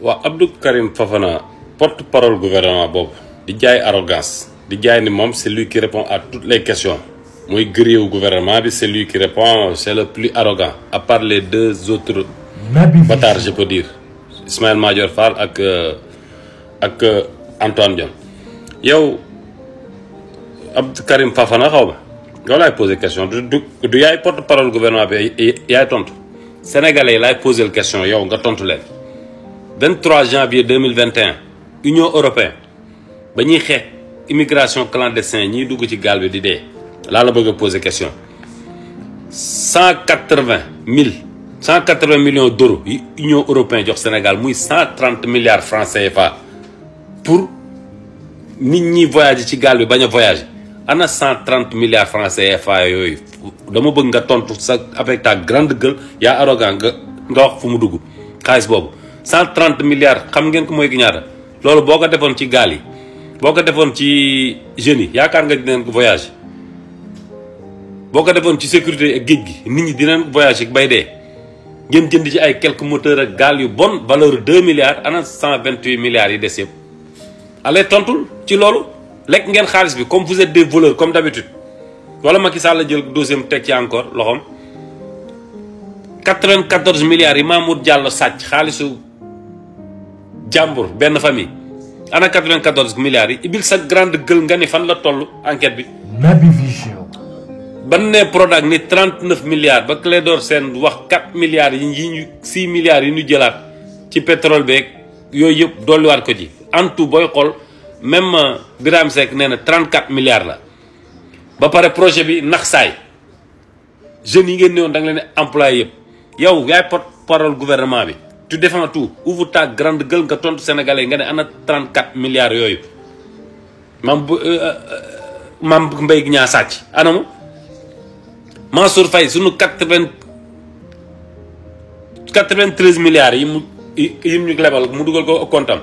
wa Abdou Karim Fafana porte parole gouvernement il di une arrogance di jay ni mom c'est lui qui répond à toutes les questions moy au gouvernement c'est lui qui répond c'est le plus arrogant à part les deux autres bâtards je peux dire Ismaël Major Fall ak euh, ak euh, Antoine Dion. yow Abdou Karim Fafana, il ma yow laay question du du porte parole gouvernement bi yaay sénégalais lay poser posé question yow nga tontu leen 23 janvier 2021 Union européenne l'immigration immigration clandestine ñiy dugg ci gaal Là, di poser la question 180 000, millions d'euros Union européenne au Sénégal 130 milliards de milliards francs CFA pour les voyages. voyager ci gaal bi a voyager ana 130 milliards francs CFA Je veux bëgg nga avec ta grande gueule y arrogant nga nga wax fu mu dugg 130 milliards xam ngeen ko moy ki ñaata loolu boo ko ci gal yi boko ko ci jeune yi yaakaar nga dinañ ko voyage boko ko ci sécurité ak geej gi nit ñi dinañ ko voyage bay dee ngeen jënd ci ay quelques moteurs ak gal yu bon valeur 2 milliards ana 128 milliards yi des yëpp allez tontul ci lolu lek ngeen xaalis bi comme vous êtes des voleurs comme d'habitude wala Macky Sall jël deuxième tek ci encore loxom 94 milliards yi Mamour Diallo sàcc xaalisu Jambur ben famille ana 94 milliards ibil sa grande gueule ngani fan la tollu enquête bi. Nabi Vision. ban ne product ni 39 milliards ba d'or sen wax 4 milliards yi 6 milliards yi ñu jëlat ci pétrole yoy yooyu yëpp dolliwaat ko ji en tout boy xol même euh, Birame sek nee 34 milliards la ba paré projet bi nax say jeune yi ngeen néewoon da nga leen employé yëpp yow yaay porte parole gouvernement bi tu défends tout ouvre ta grande gueule nga tontu sénégalais nga né ana 34 milliards yooyu mam euh, euh, mam mbay ñaa sàcc anamu Mansour fay sunu 80 93 milliards yi mu yi ñu lebal mu duggal ko compte am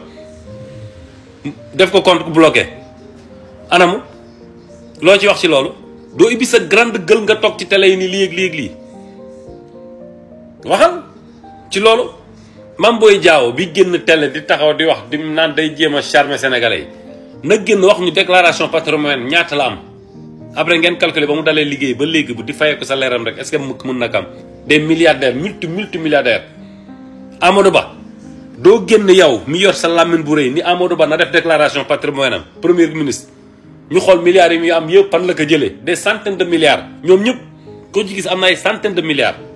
def ko compte bloqué anamu lo ci wax ci lolu do ibi sa grande gueule nga tok ci télé ni li ak li ak li waxal ci lolu mam boy jaaw bi genn télé di taxaw di wax di naan day jema a charmer sénégalais na genn wax ñu déclaration patrimoine ñaata la am après ngeen calculer ba mu dalé liggéey ba légui bu di fayé ko sa léram rek est ce que mën des milliardaires multi multi milliardaires amadou ba do genn yaw mi yor sa lamine bu reuy ni amadou ba na def déclaration patrimoine premier ministre ñu xol milliards yi muy am yépp pan la ko jëlé des centaines de milliards ñom ñep ko ci gis am na ay centaines de milliards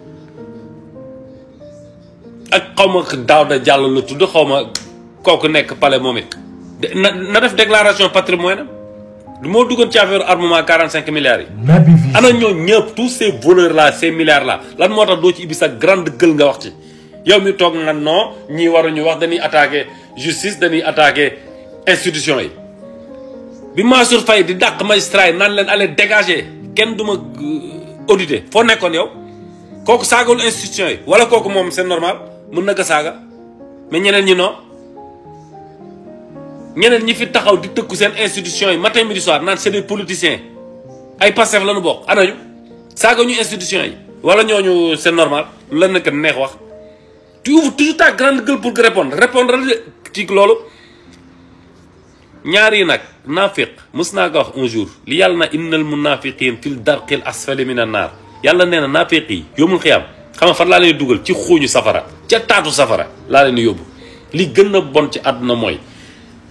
ak xaw ma Daouda Diallo la tudd xaw ma kooku nekk palais moom na def déclaration patrimoine mo duggoon ci affaire armement 45 milliards yi ana ñoo ñepp tous ces voleurs là ces milliards là lan motax do ci ibi sa grande gueule nga wax ci yow mi tok nga non waru ñu wax dañuy attaquer justice dañuy attaquer institution yi bi Mansour fay di dak magistrat yi nan leen allez dégager kenn duma euh, auditer fo nekkon yow koku saagul institution yi wala koku mom c'est normal mun na ko saaga mais ñeneen ñi non ñeneen ñi fi taxaw di tëkku seen institution yi matin midi soir naan c'est des ay Pastef la ñu bokk ana ñu saaga ñu institution yi. wala ñooñu c'est normal lu na nekk neex wax tu ouvres toujours ta grande gueule pour que répondre répondre ci loolu ñaar yi nag naafiq mus naa ko wax un jour li yàlla na innal munaafiqiin fil darqil asfali mina naar yàlla nee na naafiq yi yomul xiyaam xam nga fan laa leen dugal ci xuuñu safara ca taatu safara laa leen yóbbu li gën a bon ci àdduna mooy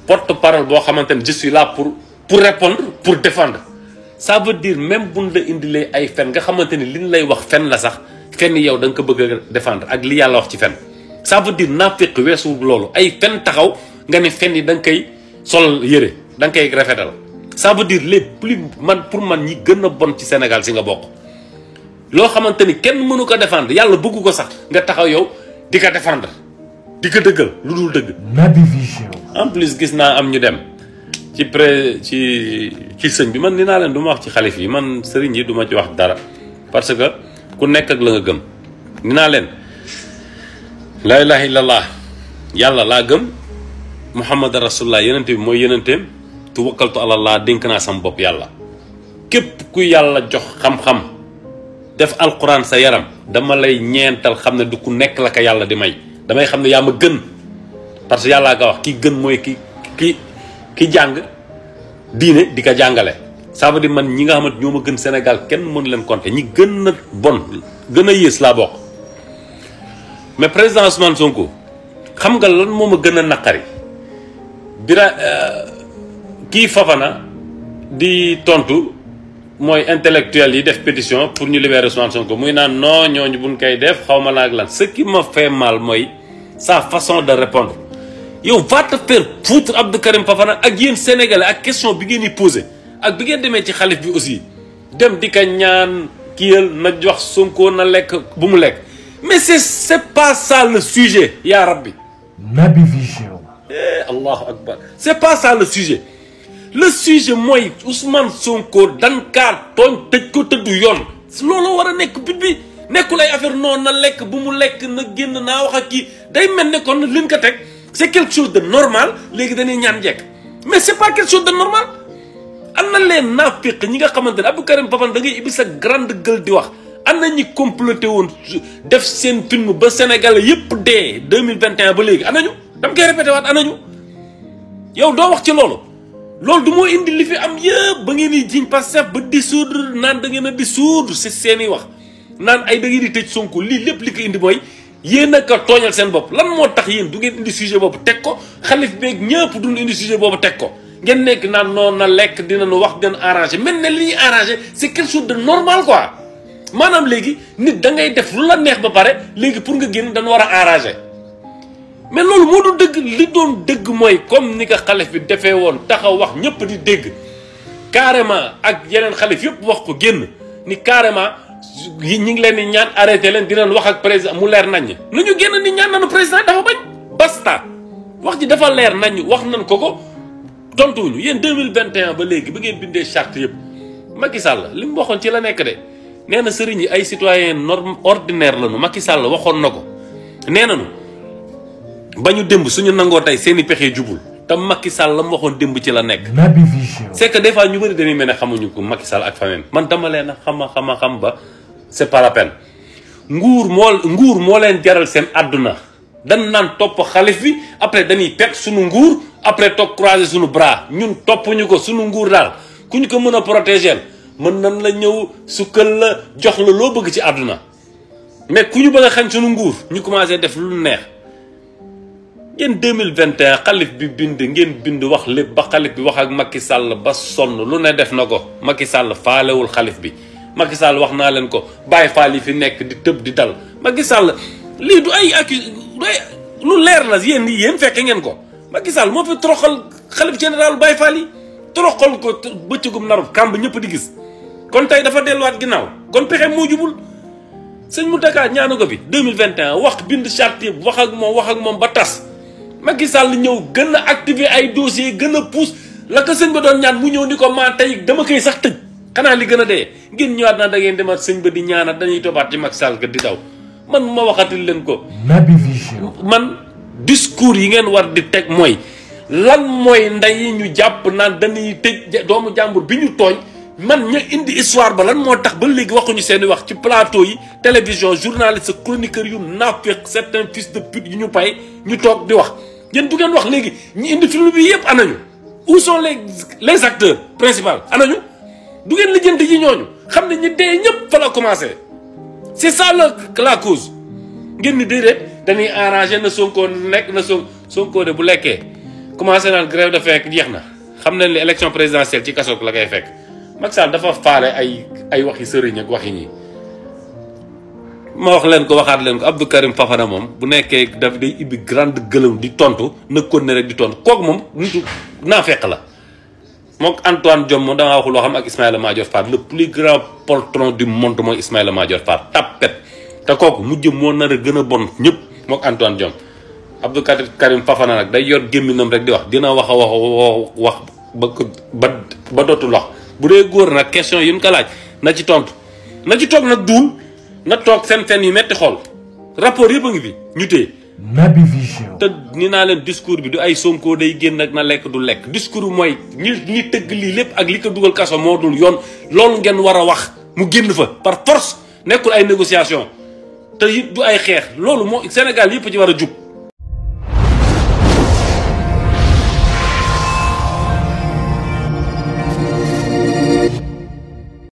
porte parole boo xamante ne je suis là pour pour répondre pour défendre ça veut dire même buñ la indilee ay fen nga xamante ni liñ lay wax fen la sax fen yow da nga ko bëgg a défendre ak li yàlla wax ci fen ça veut dire nafiq weesuwul loolu ay fen taxaw nga ne fen yi da nga koy sol yëre da nga koy rafetal ça veut dire les plus man pour man ñi gën a bon ci Sénégal si nga bokk lo xamanteni kenn mënu ko défendre yalla bëgg ko sax nga taxaw yow di ko défendre di ko dëggal lu dul dëgg. Naby Vision. en plus gis na am ñu dem ci pré ci ci sëñ bi man dina naa duma wax ci xalif yi man sëriñ yi duma ci wax dara parce que ku nekk ak la nga gëm dina naa la ilaha illallah yalla la gëm muhammad rasulullah yenente bi mooy yenenteem tu wakkaltu allah denk na sam bop yalla kep ku yalla jox xam-xam def alquran sa yaram dama lay ñeental xam ne du ku nekk la ko yàlla di may damay xam ne yaa ma gën parce que yàlla nga wax ki gën mooy ki ki ki jàng diine di ko jàngale. ça di man ñi nga xamante ñoo ma gën Sénégal kenn mën leen compter ñi gën a bon gën a yées laa bokk mais président Ousmane Sonko xam nga lan moom ma gën a naqari bira euh, kii Fafana di tontu. moy intellectuel yi def pétition pour ñu libérer Ousmane Sonko muy naan non ñooñu buñ koy def xawma ma lan ce qui m'a fait mal moy sa façon de répondre yow va te faire foutre Abdou Karim Fofana ak yeen sénégalais ak question bi ngeen di posé ak bi ngeen demee ci xalif bi aussi dem di ka ñaan kiyel na jox Sonko na lekk bu mu lekk mais c'est c'est pas ça le sujet ya rabbi nabi Vision eh Allah akbar c'est pas ça le sujet le sujet mooy Ousmane Sonko dankaar tooñ tëj ko tëddu yoon looloo war a nekk but bi nekkul ay affaire noonu na lekk bu mu lekk na génn naa wax ak kii day mel nekkoon kon liñ ko teg c'est quelque chose de normal léegi dañuy ñaan jekk mais c'est pas quelque chose de normal am na leen naafiq ñi nga xamante ne Abdou Karim Fofana da ngay ibbi sa grande gueule di wax am na ñi comploté woon def seen film ba Sénégal yëpp dee deux mille vingt et un ba léegi anañu dama koy répété waat anañu yow doo wax ci loolu loolu du moo indi li fi am yëpp ba ngeen di jiñ Pastef ba dissoudre naan da ngeen a dissoudre si seen i wax naan ay da ngeen di tëj Sonko lii lépp li ko indi mooy yéen ak tooñal seen bopp lan moo tax yéen du ngeen indi sujet boobu teg ko xalif beeg ñëpp duñ indi sujet boobu teg ko ngeen nekk naan noonu na lekk dina dinañu wax dinañ arrangé mel ne li ñuy arrangé si quelque chose de normal quoi maanaam léegi nit da ngay def lu la neex ba pare léegi pour nga génn dañ war a arrangé mais loolu moo du dëgg li doon dëgg mooy comme ni ko xalif bi defee woon taxaw wax ñëpp di dégg carrément ak yeneen xalif yëpp wax ko génn ni carrément ñu ngi leen di ñaan arrêté leen di dinañ wax ak président mu leer nañ nu ñu génn ni ñaan nañu président dafa bañ basta wax ji dafa leer naññ wax nañ ko ko tontuwuñu yéen 2021 ba léegi ba ngeen bindee charte yëpp Macky Sall li mu waxoon ci la nekk de nee na sëriñ yi ay citoyen norme ordinaire lañu Macky Sall waxoon na ko nee nañu bañu demb suñu nango tay seeni pexé djubul jubul Macky Sall la waxon demb ci la nek c'est que des fois ñu bari dañuy mel xamuñu ko Macky Sall ak famen man dama leen xama xama xam ba c'est pas la peine nguur mo nguur mo leen jaral sen aduna dañ nan top khalif bi après dañuy pet suñu nguur après toog croiser suñu bras ñun toppuñu ko suñu nguur dal kuñ ko mëna protéger mën nan la ñew sukkel la jox la lo bëgg ci aduna mais kuñu bëgg xañ suñu nguur ñu commencé def lu neex. ngeen 2021 xalif bi bind ngeen bind wax lépp ba xalif bi wax ak Macky Sall ba sonn lu ne def na ko Macky Sall faalewul xalif bi Macky Sall wax naa leen ko bàyyi faal yi fi nekk di tëb di dal Macky Sall lii du ay ak du ay lu leer la yéen yéen fekke ngeen ko Macky Sall moo fi toroxal xalif général bàyyi faal yi toroxal ko bëccëgum narub kàmb ñëpp di gis kon tey dafa delluwaat ginnaaw kon pexe moo jubul sëñ Mountakha ñaanu ko bi 2021 wax bind charte wax ak moom wax ak moom ba tas Macky Sall ñëw gën a activer ay dossiers gën a pousse la sëñ ba doon ñaan mu ñëw ni ko maa tey dama koy sax tëj xanaa li gën a dee ngeen ñëwaat naan da ngeen demaat sëñ ba di ñaana dañuy tobaat ci Macky Sall di daw man ma waxatil leen ko. Naby Vision. man yi ngeen war di teg mooy lan mooy nday ñu jàpp naan dañuy tëj doomu jàmbur bi ñu tooñ. man ñu indi histoire ba lan moo tax ba léegi waxuñu seeni wax ci plateau yi télévision journaliste chroniqueur yu naafeq certains fils de pute yu ñu pay ñu toog di wax ngeen bu ngeen wax léegi ñu indi film bi yëpp anañu où son les les acteurs principaux anañu du ngeen lijjanti ji ñooñu xam ne ñu dee ñëpp fa la commencé c'est ça la la cause ngeen ni déedéet dañuy arrangé na Sonko nekk na son Sonko de bu lekkee commencer naan grève de fekk jeex na xam nañ ne élection présidentielle ci kasoog la kay fekk Macky Sall dafa faale ay ay waxi sëriñ ak waxi ñi ma wax leen ko waxaat leen ko abdou karim fafana moom bu nekkee daf day ibbi grande gëlëm di tontu ne ko ne rek di tontu kooku moom nitu naa fekk la antoine diom moom danga wax loo xam ak ismaïla madior fall le plus grand poltron du monde mooy ismaïla madior fall tapet te kooku mujj moo nar a gën a bon ñëpp mook antoine diom abdou karim fafana nag day yor gémminam rek di wax dina wax a wax wax ba ko ba ba dootul wax bu dee góor nag question yi ñu laaj na ci tontu na ci toog nag duul nga toog seen fen yu metti xool rapport yëpp a ngi fi ñu téye. te ni naa leen discours bi du ay Sonko day génn ak na lekk du lekk. discours mooy ñi li tëgg lii lépp ak li ko dugal kaso moo dul yoon loolu ngeen war a wax mu génn fa par force nekkul ay négociation te it du ay xeex loolu moo Sénégal yëpp ci war a jub.